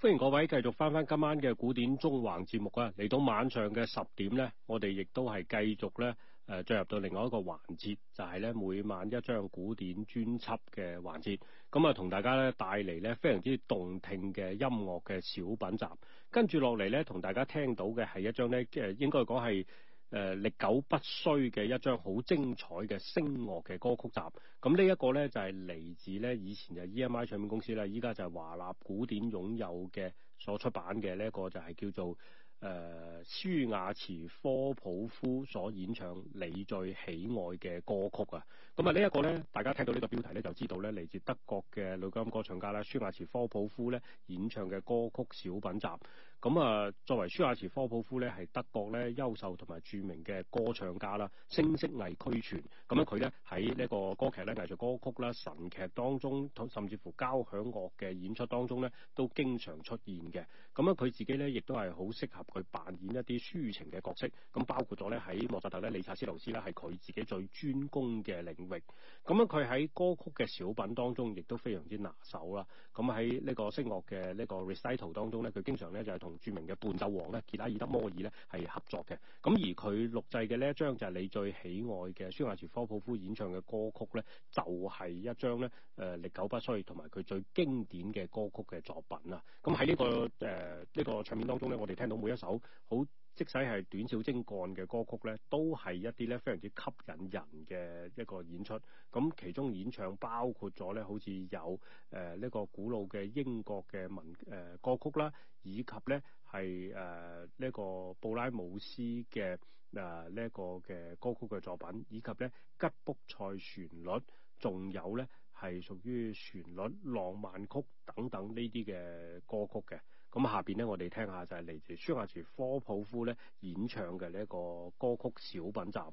歡迎各位繼續翻翻今晚嘅古典縱橫節目啊！嚟到晚上嘅十點咧，我哋亦都係繼續咧誒進入到另外一個環節，就係、是、咧每晚一張古典專輯嘅環節，咁啊同大家咧帶嚟咧非常之動聽嘅音樂嘅小品集。着跟住落嚟咧，同大家聽到嘅係一張咧即係應該講係。誒、呃、歷久不衰嘅一張好精彩嘅聲樂嘅歌曲集，咁呢一個咧就係、是、嚟自咧以前就 E M I 唱片公司咧，依家就係華納古典擁有嘅所出版嘅呢一個就係叫做誒、呃、舒瓦茨科普夫所演唱你最喜愛嘅歌曲啊！咁啊呢一個咧，大家聽到呢個標題咧就知道咧嚟自德國嘅女高音歌唱家啦，舒瓦茨科普夫咧演唱嘅歌曲小品集。咁啊，作為舒亞茨科普夫咧，係德國咧優秀同埋著名嘅歌唱家啦，聲色藝俱全。咁樣佢咧喺呢個歌劇咧、藝術歌曲啦、神劇當中，甚至乎交響樂嘅演出當中咧，都經常出現嘅。咁樣佢自己咧，亦都係好適合佢扮演一啲抒情嘅角色。咁包括咗咧喺莫扎特咧、理查斯勞斯咧，係佢自己最專攻嘅領域。咁樣佢喺歌曲嘅小品當中，亦都非常之拿手啦。咁喺呢個聲樂嘅呢個 recital 當中咧，佢經常咧就係同。同著名嘅伴奏王咧，傑拉爾德摩爾咧係合作嘅，咁而佢錄製嘅呢一張就係你最喜愛嘅舒華茲科普夫演唱嘅歌曲咧，就係、是、一張咧誒歷久不衰同埋佢最經典嘅歌曲嘅作品啦。咁喺呢個誒呢、呃這個唱片當中咧，我哋聽到每一首好。即使係短小精幹嘅歌曲咧，都係一啲咧非常之吸引人嘅一個演出。咁其中演唱包括咗咧，好似有誒呢、呃這個古老嘅英國嘅民誒歌曲啦，以及咧係誒呢個布拉姆斯嘅誒呢一個嘅歌曲嘅作品，以及咧吉卜賽旋律，仲有咧係屬於旋律浪漫曲等等呢啲嘅歌曲嘅。咁下邊咧，我哋聽，聽就是來下就係嚟自舒華茲科普夫咧演唱嘅呢一個歌曲小品集啊。